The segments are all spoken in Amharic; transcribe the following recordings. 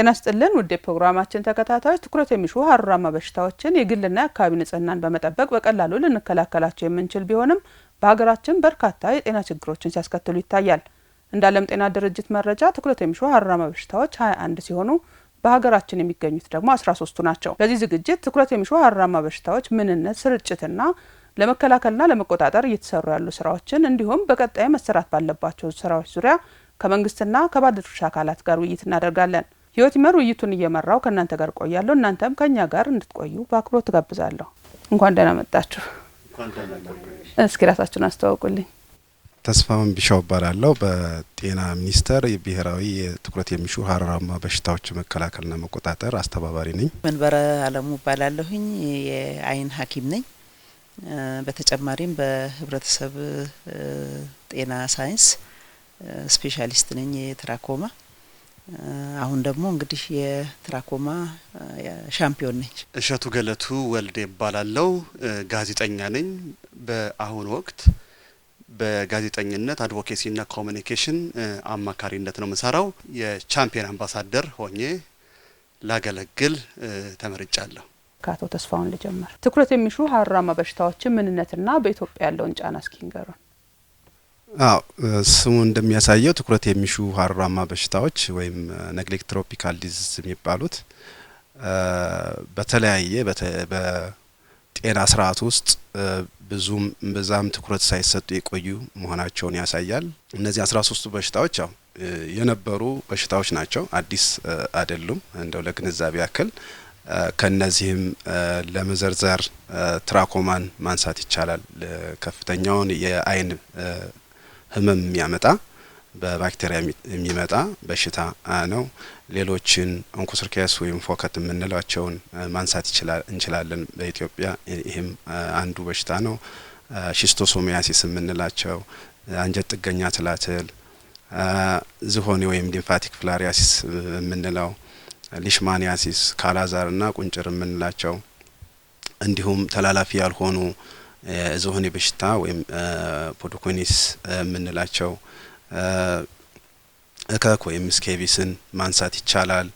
ጤና ስጥልን ውድ ፕሮግራማችን ተከታታዮች፣ ትኩረት የሚሹ ሀሩራማ በሽታዎችን የግልና የአካባቢ ንጽህናን በመጠበቅ በቀላሉ ልንከላከላቸው የምንችል ቢሆንም በሀገራችን በርካታ የጤና ችግሮችን ሲያስከትሉ ይታያል። እንደ ዓለም ጤና ድርጅት መረጃ ትኩረት የሚሹ ሀሩራማ በሽታዎች 21 ሲሆኑ በሀገራችን የሚገኙት ደግሞ 13ቱ ናቸው። ለዚህ ዝግጅት ትኩረት የሚሹ ሀሩራማ በሽታዎች ምንነት፣ ስርጭትና ለመከላከልና ለመቆጣጠር እየተሰሩ ያሉ ስራዎችን እንዲሁም በቀጣይ መሰራት ባለባቸው ስራዎች ዙሪያ ከመንግስትና ከባለድርሻ አካላት ጋር ውይይት እናደርጋለን። ህይወት ይመር ውይይቱን እየመራው ከእናንተ ጋር ቆያለሁ። እናንተም ከእኛ ጋር እንድትቆዩ በአክብሮት ትጋብዛለሁ። እንኳን ደህና መጣችሁ። እስኪ ራሳችሁን አስተዋውቁልኝ። ተስፋውን ቢሻው እባላለሁ። በጤና ሚኒስቴር ብሔራዊ ትኩረት የሚሹ ሀረራማ በሽታዎች መከላከልና መቆጣጠር አስተባባሪ ነኝ። መንበረ አለሙ እባላለሁኝ። የአይን ሐኪም ነኝ። በተጨማሪም በህብረተሰብ ጤና ሳይንስ ስፔሻሊስት ነኝ የትራኮማ አሁን ደግሞ እንግዲህ የትራኮማ ሻምፒዮን ነኝ። እሸቱ ገለቱ ወልዴ እባላለሁ። ጋዜጠኛ ነኝ። በአሁኑ ወቅት በጋዜጠኝነት አድቮኬሲና ኮሚኒኬሽን አማካሪነት ነው የምሰራው። የቻምፒየን አምባሳደር ሆኜ ላገለግል ተመርጫለሁ። ከአቶ ተስፋውን ልጀምር። ትኩረት የሚሹ ሀራማ በሽታዎችን ምንነትና በኢትዮጵያ ያለውን ጫና እስኪንገሩን። አዎ ስሙ እንደሚያሳየው ትኩረት የሚሹ ሀሩራማ በሽታዎች ወይም ነግሌክት ትሮፒካል ዲዚዝ የሚባሉት በተለያየ በጤና ስርዓት ውስጥ ብዙም በዛም ትኩረት ሳይሰጡ የቆዩ መሆናቸውን ያሳያል። እነዚህ አስራ ሶስቱ በሽታዎች ያው የነበሩ በሽታዎች ናቸው፣ አዲስ አይደሉም። እንደው ለግንዛቤ ያክል ከነዚህም ለመዘርዘር ትራኮማን ማንሳት ይቻላል። ከፍተኛውን የአይን ህመም የሚያመጣ በባክቴሪያ የሚመጣ በሽታ ነው። ሌሎችን ኦንኮሰርኪያስ ወይም ፎከት የምንላቸውን ማንሳት እንችላለን። በኢትዮጵያ ይህም አንዱ በሽታ ነው። ሽስቶሶሚያሲስ የምንላቸው አንጀት ጥገኛ ትላትል፣ ዝሆኔ ወይም ሊምፋቲክ ፍላሪያሲስ የምንለው ሊሽማኒያሲስ፣ ካላዛር ና ቁንጭር የምንላቸው እንዲሁም ተላላፊ ያልሆኑ የዝሆኔ በሽታ ወይም ፖዶኮኒስ የምንላቸው እከክ ወይም ስኬቢስን ማንሳት ይቻላል።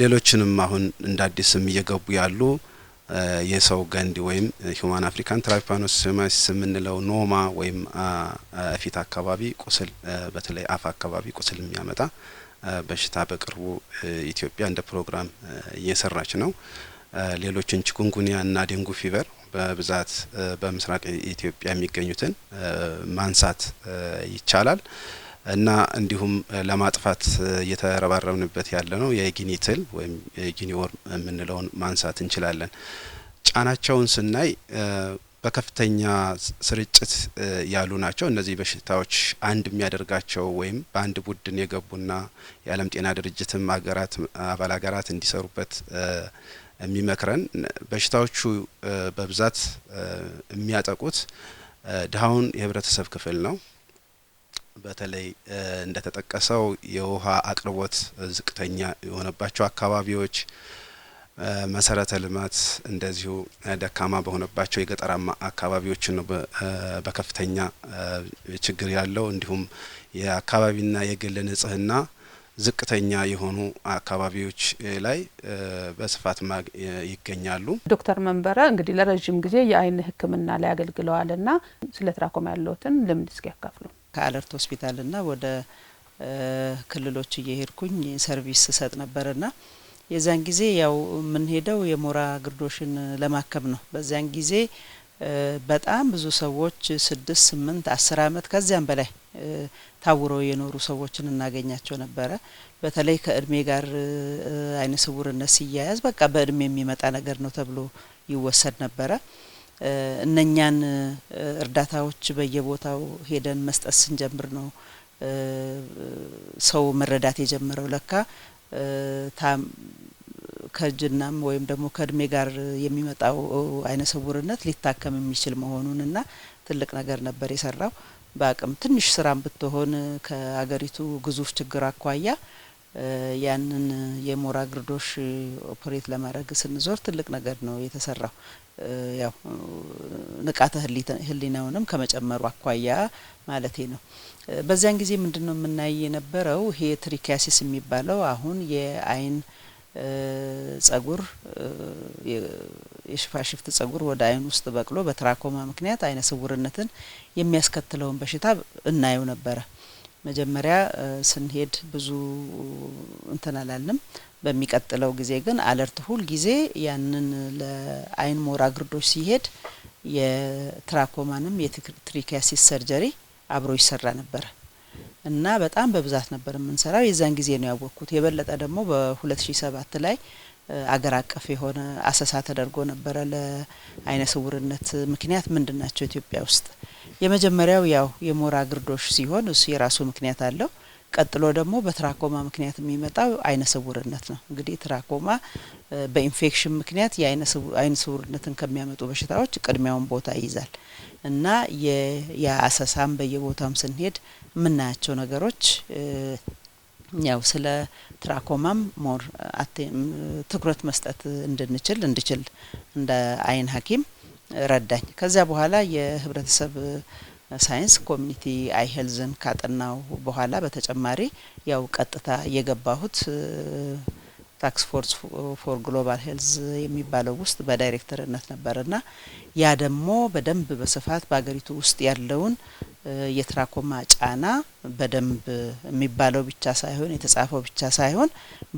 ሌሎችንም አሁን እንደ አዲስም እየገቡ ያሉ የሰው ገንድ ወይም ሂዩማን አፍሪካን ትራይፓኖሶማይስ የምንለው ኖማ ወይም ፊት አካባቢ ቁስል በተለይ አፍ አካባቢ ቁስል የሚያመጣ በሽታ በቅርቡ ኢትዮጵያ እንደ ፕሮግራም እየሰራች ነው። ሌሎችን ቺኩንጉኒያ እና ዴንጉ ፊቨር በብዛት በምስራቅ ኢትዮጵያ የሚገኙትን ማንሳት ይቻላል እና እንዲሁም ለማጥፋት እየተረባረብንበት ያለ ነው የጊኒ ትል ወይም የጊኒ ወርም የምንለውን ማንሳት እንችላለን። ጫናቸውን ስናይ በከፍተኛ ስርጭት ያሉ ናቸው። እነዚህ በሽታዎች አንድ የሚያደርጋቸው ወይም በአንድ ቡድን የገቡና የዓለም ጤና ድርጅትም አገራት አባል ሀገራት እንዲሰሩበት የሚመክረን በሽታዎቹ በብዛት የሚያጠቁት ድሃውን የህብረተሰብ ክፍል ነው። በተለይ እንደተጠቀሰው የውሃ አቅርቦት ዝቅተኛ የሆነባቸው አካባቢዎች፣ መሰረተ ልማት እንደዚሁ ደካማ በሆነባቸው የገጠራማ አካባቢዎችን ነው በከፍተኛ ችግር ያለው። እንዲሁም የአካባቢና የግል ንጽህና ዝቅተኛ የሆኑ አካባቢዎች ላይ በስፋት ይገኛሉ። ዶክተር መንበረ እንግዲህ ለረዥም ጊዜ የአይን ሕክምና ላይ አገልግለዋልና ስለ ትራኮማ ያለዎትን ልምድ እስኪ ያካፍሉ። ከአለርት ሆስፒታልና ወደ ክልሎች እየሄድኩኝ ሰርቪስ ሰጥ ነበርና የዛን ጊዜ ያው የምንሄደው የሞራ ግርዶሽን ለማከም ነው። በዚያን ጊዜ በጣም ብዙ ሰዎች ስድስት ስምንት አስር አመት ከዚያም በላይ ታውረው የኖሩ ሰዎችን እናገኛቸው ነበረ። በተለይ ከእድሜ ጋር አይነ ስውርነት ሲያያዝ በቃ በእድሜ የሚመጣ ነገር ነው ተብሎ ይወሰድ ነበረ። እነኛን እርዳታዎች በየቦታው ሄደን መስጠት ስንጀምር ነው ሰው መረዳት የጀመረው ለካ ከእጅናም ወይም ደግሞ ከእድሜ ጋር የሚመጣው አይነ ስውርነት ሊታከም የሚችል መሆኑንና ትልቅ ነገር ነበር የሰራው። በአቅም ትንሽ ስራም ብትሆን ከሀገሪቱ ግዙፍ ችግር አኳያ ያንን የሞራ ግርዶሽ ኦፕሬት ለማድረግ ስንዞር ትልቅ ነገር ነው የተሰራው። ያው ንቃተ ህሊናውንም ከመጨመሩ አኳያ ማለቴ ነው። በዚያን ጊዜ ምንድን ነው የምናይ የነበረው? ይሄ ትሪኪያሲስ የሚባለው አሁን የአይን ጸጉር የሽፋሽፍት ጸጉር ወደ አይን ውስጥ በቅሎ በትራኮማ ምክንያት አይነ ስውርነትን የሚያስከትለውን በሽታ እናየው ነበረ። መጀመሪያ ስንሄድ ብዙ እንትን አላልንም። በሚቀጥለው ጊዜ ግን አለርት ሁል ጊዜ ያንን ለአይን ሞራ ግርዶች ሲሄድ የትራኮማንም የትሪኪያሲስ ሰርጀሪ አብሮ ይሰራ ነበረ እና በጣም በብዛት ነበር የምንሰራው። የዛን ጊዜ ነው ያወቅኩት። የበለጠ ደግሞ በ2007 ላይ አገር አቀፍ የሆነ አሰሳ ተደርጎ ነበረ። ለአይነ ስውርነት ምክንያት ምንድን ናቸው ኢትዮጵያ ውስጥ? የመጀመሪያው ያው የሞራ ግርዶሽ ሲሆን እሱ የራሱ ምክንያት አለው። ቀጥሎ ደግሞ በትራኮማ ምክንያት የሚመጣው አይነ ስውርነት ነው። እንግዲህ ትራኮማ በኢንፌክሽን ምክንያት የአይነ ስውርነትን ከሚያመጡ በሽታዎች ቅድሚያውን ቦታ ይይዛል እና የአሰሳም በየቦታም ስንሄድ የምናያቸው ነገሮች ያው ስለ ትራኮማም ሞር ትኩረት መስጠት እንድንችል እንድችል እንደ አይን ሐኪም ረዳኝ። ከዚያ በኋላ የህብረተሰብ ሳይንስ ኮሚኒቲ አይ ሄልዝን ካጠናው በኋላ በተጨማሪ ያው ቀጥታ የገባሁት ታክስ ፎርስ ፎር ግሎባል ሄልዝ የሚባለው ውስጥ በዳይሬክተርነት ነበርና ያ ደግሞ በደንብ በስፋት በሀገሪቱ ውስጥ ያለውን የትራኮማ ጫና በደንብ የሚባለው ብቻ ሳይሆን የተጻፈው ብቻ ሳይሆን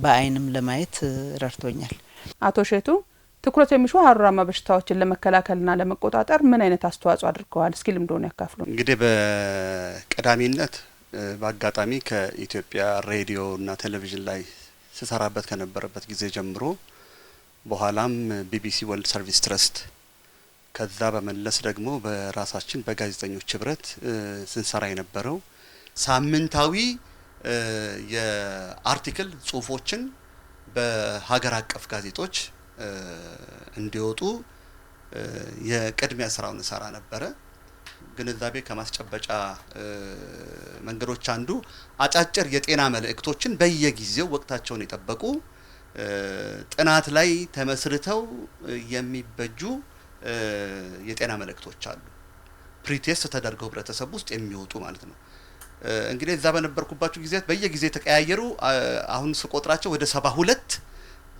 በአይንም ለማየት ረድቶኛል። አቶ ሼቱ ትኩረት የሚሹ ሀሩራማ በሽታዎችን ለመከላከልና ለመቆጣጠር ምን አይነት አስተዋጽኦ አድርገዋል? እስኪ ልምዶን ያካፍሉ። እንግዲህ በቀዳሚነት በአጋጣሚ ከኢትዮጵያ ሬዲዮና ቴሌቪዥን ላይ ስሰራበት ከነበረበት ጊዜ ጀምሮ በኋላም ቢቢሲ ወርልድ ሰርቪስ ትረስት ከዛ በመለስ ደግሞ በራሳችን በጋዜጠኞች ህብረት ስንሰራ የነበረው ሳምንታዊ የአርቲክል ጽሁፎችን በሀገር አቀፍ ጋዜጦች እንዲወጡ የቅድሚያ ስራውን እሰራ ነበረ። ግንዛቤ ከማስጨበጫ መንገዶች አንዱ አጫጭር የጤና መልእክቶችን በየጊዜው ወቅታቸውን የጠበቁ ጥናት ላይ ተመስርተው የሚበጁ የጤና መልእክቶች አሉ። ፕሪቴስት ተደርገው ህብረተሰብ ውስጥ የሚወጡ ማለት ነው። እንግዲህ እዛ በነበርኩባቸው ጊዜያት በየጊዜ የተቀያየሩ አሁን ስቆጥራቸው ወደ ሰባ ሁለት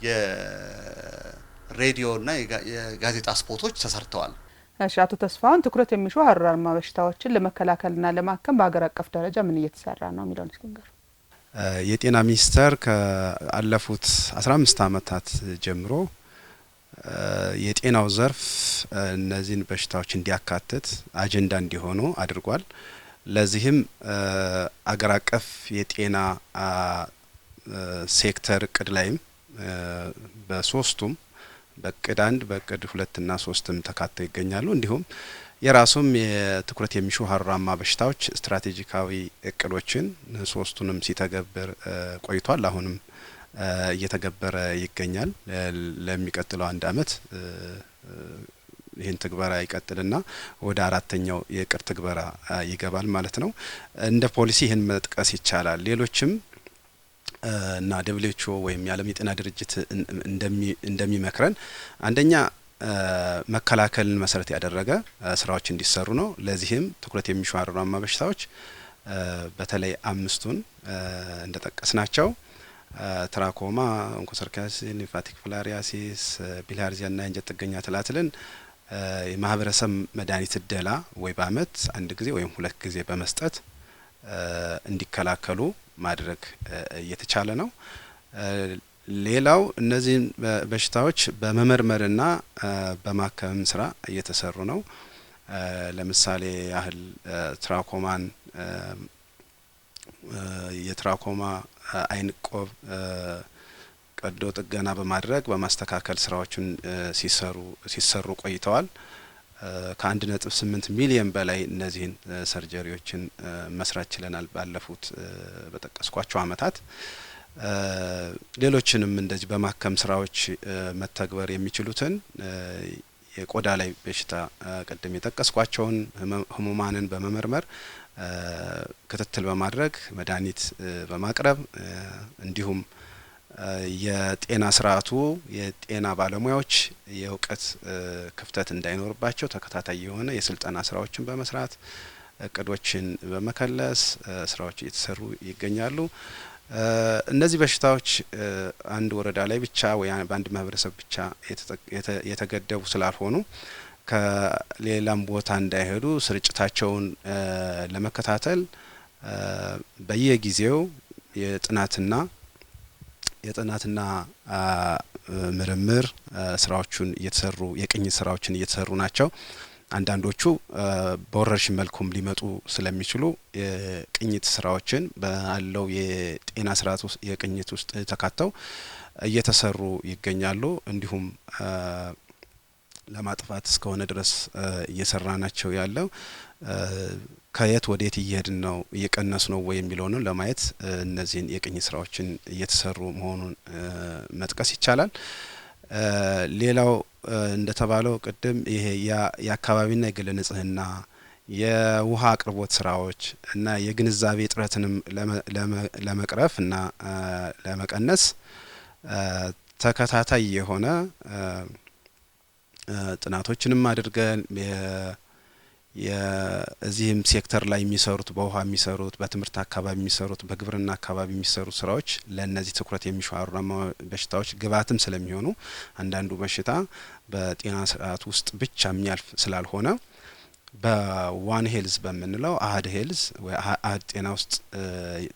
የሬዲዮና የጋዜጣ ስፖቶች ተሰርተዋል። አቶ ተስፋሁን ትኩረት የሚሹ ሀሩራማ በሽታዎችን ለመከላከልና ለማከም በሀገር አቀፍ ደረጃ ምን እየተሰራ ነው የሚለውን እስኪንገሩ። የጤና ሚኒስቴር ከአለፉት አስራ አምስት አመታት ጀምሮ የጤናው ዘርፍ እነዚህን በሽታዎች እንዲያካትት አጀንዳ እንዲሆኑ አድርጓል። ለዚህም አገር አቀፍ የጤና ሴክተር እቅድ ላይም በሶስቱም በእቅድ አንድ በእቅድ ሁለትና ሶስትም ተካተው ይገኛሉ። እንዲሁም የራሱም የትኩረት የሚሹ ሀሩራማ በሽታዎች ስትራቴጂካዊ እቅዶችን ሶስቱንም ሲተገብር ቆይቷል። አሁንም እየተገበረ ይገኛል። ለሚቀጥለው አንድ አመት ይህን ትግበራ ይቀጥልና ወደ አራተኛው የእቅድ ትግበራ ይገባል ማለት ነው። እንደ ፖሊሲ ይህን መጥቀስ ይቻላል። ሌሎችም እና ደብሊውኤችኦ ወይም የዓለም የጤና ድርጅት እንደሚመክረን አንደኛ መከላከልን መሰረት ያደረገ ስራዎች እንዲሰሩ ነው። ለዚህም ትኩረት የሚሹ አራርማማ በሽታዎች በተለይ አምስቱን እንደጠቀስ ናቸው ትራኮማ፣ ኦንኮሰርካሲን፣ ሊምፋቲክ ፍላሪያሲስ፣ ቢልሃርዚያ ና የእንጀት ጥገኛ ትላትልን የማህበረሰብ መድኃኒት እደላ ወይ በአመት አንድ ጊዜ ወይም ሁለት ጊዜ በመስጠት እንዲከላከሉ ማድረግ እየተቻለ ነው። ሌላው እነዚህን በሽታዎች በመመርመርና በማከምም ስራ እየተሰሩ ነው። ለምሳሌ ያህል ትራኮማን የትራኮማ አይን ቆብ ቀዶ ጥገና በማድረግ በማስተካከል ስራዎችን ሲሰሩ ሲሰሩ ቆይተዋል። ከአንድ ነጥብ ስምንት ሚሊየን በላይ እነዚህን ሰርጀሪዎችን መስራት ችለናል ባለፉት በጠቀስኳቸው አመታት። ሌሎችንም እንደዚህ በማከም ስራዎች መተግበር የሚችሉትን የቆዳ ላይ በሽታ ቅድም የጠቀስኳቸውን ህሙማንን በመመርመር ክትትል በማድረግ መድኃኒት በማቅረብ እንዲሁም የጤና ስርዓቱ የጤና ባለሙያዎች የእውቀት ክፍተት እንዳይኖርባቸው ተከታታይ የሆነ የስልጠና ስራዎችን በመስራት እቅዶችን በመከለስ ስራዎች እየተሰሩ ይገኛሉ። እነዚህ በሽታዎች አንድ ወረዳ ላይ ብቻ ወይ በአንድ ማህበረሰብ ብቻ የተገደቡ ስላልሆኑ ከሌላም ቦታ እንዳይሄዱ ስርጭታቸውን ለመከታተል በየጊዜው የጥናትና የጥናትና ምርምር ስራዎቹን እየተሰሩ የቅኝት ስራዎችን እየተሰሩ ናቸው። አንዳንዶቹ በወረርሽኝ መልኩም ሊመጡ ስለሚችሉ የቅኝት ስራዎችን ባለው የጤና ስርዓት ውስጥ የቅኝት ውስጥ ተካተው እየተሰሩ ይገኛሉ። እንዲሁም ለማጥፋት እስከሆነ ድረስ እየሰራ ናቸው ያለው ከየት ወዴት እየሄድን ነው፣ እየቀነስ ነው ወይ የሚለውንም ለማየት እነዚህን የቅኝ ስራዎችን እየተሰሩ መሆኑን መጥቀስ ይቻላል። ሌላው እንደተባለው ቅድም ይሄ የአካባቢና የግል ንጽህና የውሃ አቅርቦት ስራዎች እና የግንዛቤ እጥረትንም ለመቅረፍ እና ለመቀነስ ተከታታይ የሆነ ጥናቶችንም አድርገን የዚህም ሴክተር ላይ የሚሰሩት በውሃ የሚሰሩት በትምህርት አካባቢ የሚሰሩት በግብርና አካባቢ የሚሰሩ ስራዎች ለእነዚህ ትኩረት የሚሹ በሽታዎች ግብዓትም ስለሚሆኑ አንዳንዱ በሽታ በጤና ስርዓት ውስጥ ብቻ የሚያልፍ ስላልሆነ በዋን ሄልዝ በምንለው አህድ ሄልዝ ወይ አህድ ጤና ውስጥ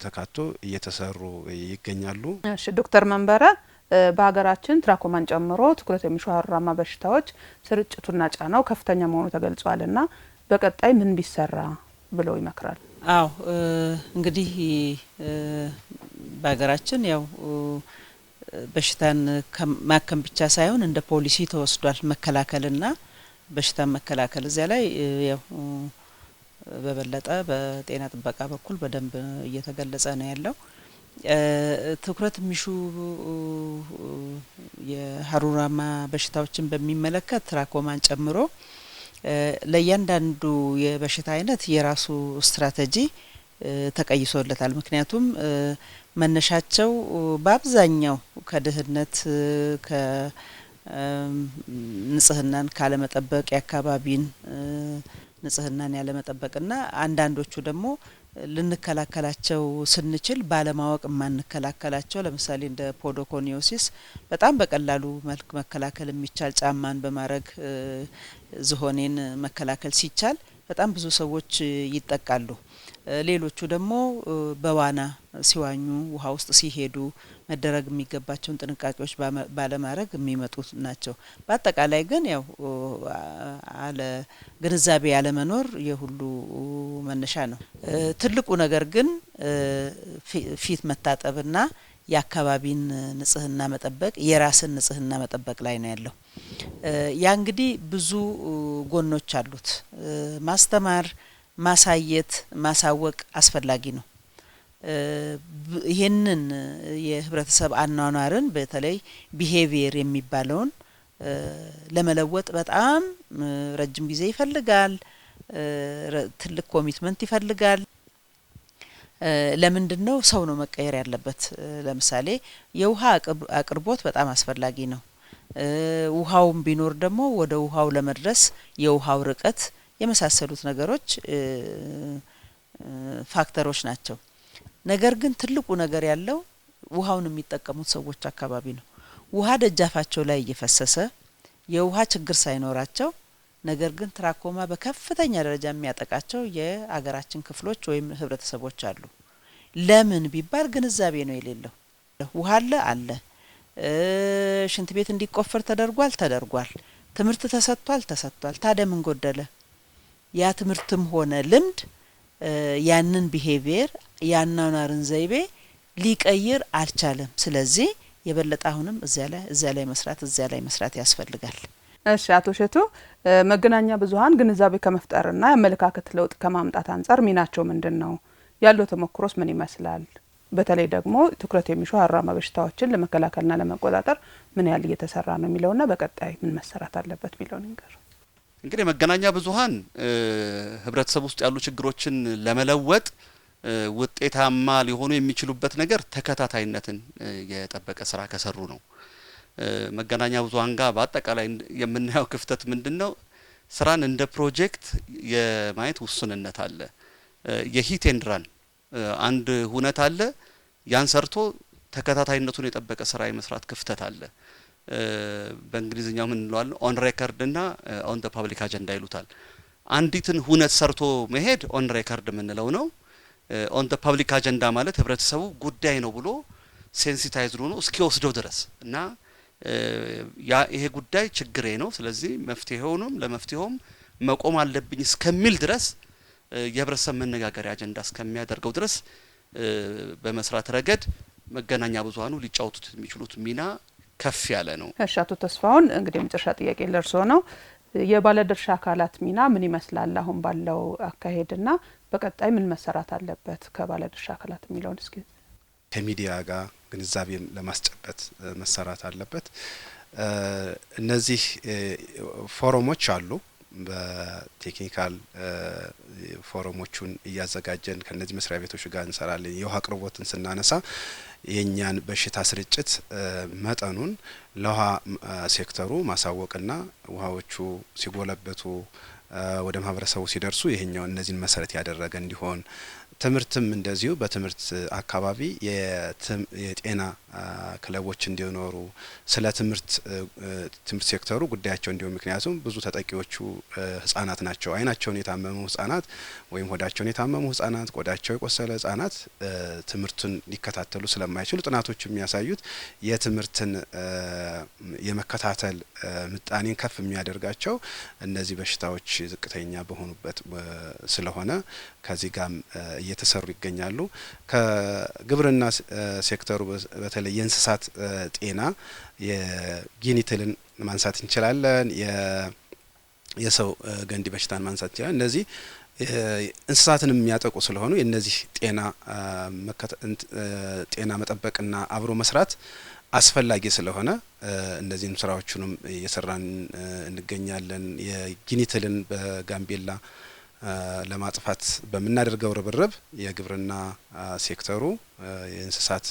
ተካቶ እየተሰሩ ይገኛሉ። ዶክተር መንበረ በሀገራችን ትራኮማን ጨምሮ ትኩረት የሚሹ አራማ በሽታዎች ስርጭቱና ጫናው ከፍተኛ መሆኑ ተገልጿልና በቀጣይ ምን ቢሰራ ብለው ይመክራል? አዎ እንግዲህ በሀገራችን ያው በሽታን ማከም ብቻ ሳይሆን እንደ ፖሊሲ ተወስዷል። መከላከልና በሽታን መከላከል እዚያ ላይ ያው በበለጠ በጤና ጥበቃ በኩል በደንብ እየተገለጸ ነው ያለው። ትኩረት የሚሹ የሀሩራማ በሽታዎችን በሚመለከት ትራኮማን ጨምሮ ለእያንዳንዱ የበሽታ አይነት የራሱ ስትራቴጂ ተቀይሶለታል። ምክንያቱም መነሻቸው በአብዛኛው ከድህነት፣ ከንጽህናን ካለመጠበቅ፣ የአካባቢን ንጽህናን ያለመጠበቅና አንዳንዶቹ ደግሞ ልንከላከላቸው ስንችል ባለማወቅ የማንከላከላቸው ለምሳሌ እንደ ፖዶኮኒዮሲስ በጣም በቀላሉ መልክ መከላከል የሚቻል ጫማን በማድረግ ዝሆኔን መከላከል ሲቻል በጣም ብዙ ሰዎች ይጠቃሉ። ሌሎቹ ደግሞ በዋና ሲዋኙ ውሃ ውስጥ ሲሄዱ መደረግ የሚገባቸውን ጥንቃቄዎች ባለማድረግ የሚመጡት ናቸው። በአጠቃላይ ግን ያው አለ ግንዛቤ ያለመኖር የሁሉ መነሻ ነው። ትልቁ ነገር ግን ፊት መታጠብና የአካባቢን ንጽህና መጠበቅ የራስን ንጽህና መጠበቅ ላይ ነው ያለው። ያ እንግዲህ ብዙ ጎኖች አሉት። ማስተማር፣ ማሳየት፣ ማሳወቅ አስፈላጊ ነው። ይህንን የህብረተሰብ አኗኗርን በተለይ ቢሄቪየር የሚባለውን ለመለወጥ በጣም ረጅም ጊዜ ይፈልጋል። ትልቅ ኮሚትመንት ይፈልጋል። ለምንድን ነው ሰው ነው መቀየር ያለበት? ለምሳሌ የውሃ አቅርቦት በጣም አስፈላጊ ነው። ውሃውም ቢኖር ደግሞ ወደ ውሃው ለመድረስ የውሃው ርቀት የመሳሰሉት ነገሮች ፋክተሮች ናቸው። ነገር ግን ትልቁ ነገር ያለው ውሃውን የሚጠቀሙት ሰዎች አካባቢ ነው። ውሃ ደጃፋቸው ላይ እየፈሰሰ የውሃ ችግር ሳይኖራቸው ነገር ግን ትራኮማ በከፍተኛ ደረጃ የሚያጠቃቸው የአገራችን ክፍሎች ወይም ህብረተሰቦች አሉ። ለምን ቢባል ግንዛቤ ነው የሌለው። ውሃ አለ አለ፣ ሽንት ቤት እንዲቆፈር ተደርጓል ተደርጓል፣ ትምህርት ተሰጥቷል ተሰጥቷል። ታዲያ ምን ጎደለ? ያ ትምህርትም ሆነ ልምድ ያንን ቢሄቪየር ያናናርን ዘይቤ ሊቀይር አልቻለም። ስለዚህ የበለጠ አሁንም እዚያ ላይ እዚያ ላይ መስራት እዚያ ላይ መስራት ያስፈልጋል። እሺ አቶ ሸቱ መገናኛ ብዙኃን ግንዛቤ ከመፍጠርና የአመለካከት ለውጥ ከማምጣት አንጻር ሚናቸው ምንድን ነው? ያለው ተሞክሮስ ምን ይመስላል? በተለይ ደግሞ ትኩረት የሚሹ አራማ በሽታዎችን ለመከላከልና ለመቆጣጠር ምን ያህል እየተሰራ ነው የሚለውና በቀጣይ ምን መሰራት አለበት የሚለውን ንገር። እንግዲህ መገናኛ ብዙኃን ህብረተሰብ ውስጥ ያሉ ችግሮችን ለመለወጥ ውጤታማ ሊሆኑ የሚችሉበት ነገር ተከታታይነትን የጠበቀ ስራ ከሰሩ ነው። መገናኛ ብዙኃን ጋር በአጠቃላይ የምናየው ክፍተት ምንድን ነው? ስራን እንደ ፕሮጀክት የማየት ውስንነት አለ። የሂት ኤንድ ራን አንድ ሁነት አለ። ያን ሰርቶ ተከታታይነቱን የጠበቀ ስራ የመስራት ክፍተት አለ። በእንግሊዝኛው ምን እንለዋለን? ኦን ሬከርድ እና ኦን ፓብሊክ አጀንዳ ይሉታል። አንዲትን ሁነት ሰርቶ መሄድ ኦን ሬከርድ የምንለው ነው። ኦን ደ ፐብሊክ አጀንዳ ማለት ህብረተሰቡ ጉዳይ ነው ብሎ ሴንሲታይዝ ሆኖ እስኪወስደው ድረስ እና ይሄ ጉዳይ ችግሬ ነው፣ ስለዚህ መፍትሄውንም ለመፍትሄውም መቆም አለብኝ እስከሚል ድረስ የህብረተሰብ መነጋገሪያ አጀንዳ እስከሚያደርገው ድረስ በመስራት ረገድ መገናኛ ብዙሀኑ ሊጫወቱት የሚችሉት ሚና ከፍ ያለ ነው። እሺ፣ አቶ ተስፋሁን እንግዲህ የመጨረሻ ጥያቄ ለእርስዎ ነው። የባለድርሻ አካላት ሚና ምን ይመስላል? አሁን ባለው አካሄድና በቀጣይ ምን መሰራት አለበት ከባለድርሻ አካላት የሚለውን እስኪ ከሚዲያ ጋር ግንዛቤን ለማስጨበጥ መሰራት አለበት። እነዚህ ፎረሞች አሉ። በቴክኒካል ፎረሞቹን እያዘጋጀን ከነዚህ መስሪያ ቤቶች ጋር እንሰራለን። የውሃ አቅርቦትን ስናነሳ የእኛን በሽታ ስርጭት መጠኑን ለውሃ ሴክተሩ ማሳወቅና ውሃዎቹ ሲጎለበቱ ወደ ማህበረሰቡ ሲደርሱ ይሄኛው እነዚህን መሰረት ያደረገ እንዲሆን ትምህርትም እንደዚሁ በትምህርት አካባቢ የጤና ክለቦች እንዲኖሩ ስለ ትምህርት ትምህርት ሴክተሩ ጉዳያቸው እንዲሆን ምክንያቱም ብዙ ተጠቂዎቹ ህጻናት ናቸው። አይናቸውን የታመሙ ህጻናት ወይም ሆዳቸውን የታመሙ ህጻናት፣ ቆዳቸው የቆሰለ ህጻናት ትምህርቱን ሊከታተሉ ስለማይችሉ ጥናቶች የሚያሳዩት የትምህርትን የመከታተል ምጣኔን ከፍ የሚያደርጋቸው እነዚህ በሽታዎች ዝቅተኛ በሆኑበት ስለሆነ ከዚህ ጋም እየተሰሩ ይገኛሉ። ከግብርና ሴክተሩ በተለይ የእንስሳት ጤና የጊኒትልን ማንሳት እንችላለን። የሰው ገንዲ በሽታን ማንሳት እንችላለን። እነዚህ እንስሳትን የሚያጠቁ ስለሆኑ የእነዚህ ጤና ጤና መጠበቅና አብሮ መስራት አስፈላጊ ስለሆነ እነዚህም ስራዎቹንም እየሰራን እንገኛለን። የጊኒትልን በጋምቤላ ለማጥፋት በምናደርገው ርብርብ የግብርና ሴክተሩ የእንስሳት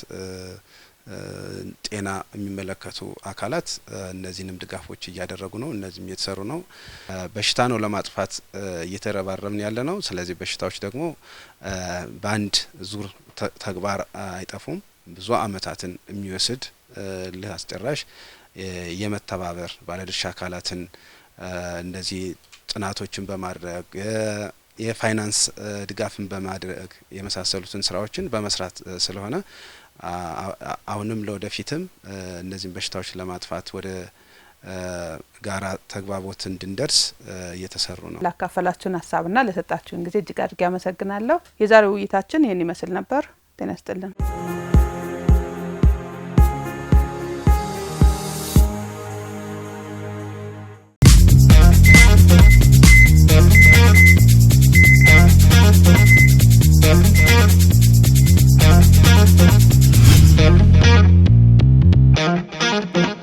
ጤና የሚመለከቱ አካላት እነዚህንም ድጋፎች እያደረጉ ነው። እነዚህም እየተሰሩ ነው። በሽታ ነው ለማጥፋት እየተረባረብን ያለ ነው። ስለዚህ በሽታዎች ደግሞ በአንድ ዙር ተግባር አይጠፉም። ብዙ ዓመታትን የሚወስድ ልህ አስጨራሽ የመተባበር ባለድርሻ አካላትን እንደዚህ ጥናቶችን በማድረግ የፋይናንስ ድጋፍን በማድረግ የመሳሰሉትን ስራዎችን በመስራት ስለሆነ አሁንም ለወደፊትም እነዚህን በሽታዎች ለማጥፋት ወደ ጋራ ተግባቦት እንድንደርስ እየተሰሩ ነው። ላካፈላችሁን ሀሳብና ለሰጣችሁን ጊዜ እጅግ አድርጌ አመሰግናለሁ። የዛሬው ውይይታችን ይህን ይመስል ነበር። ጤና ይስጥልን።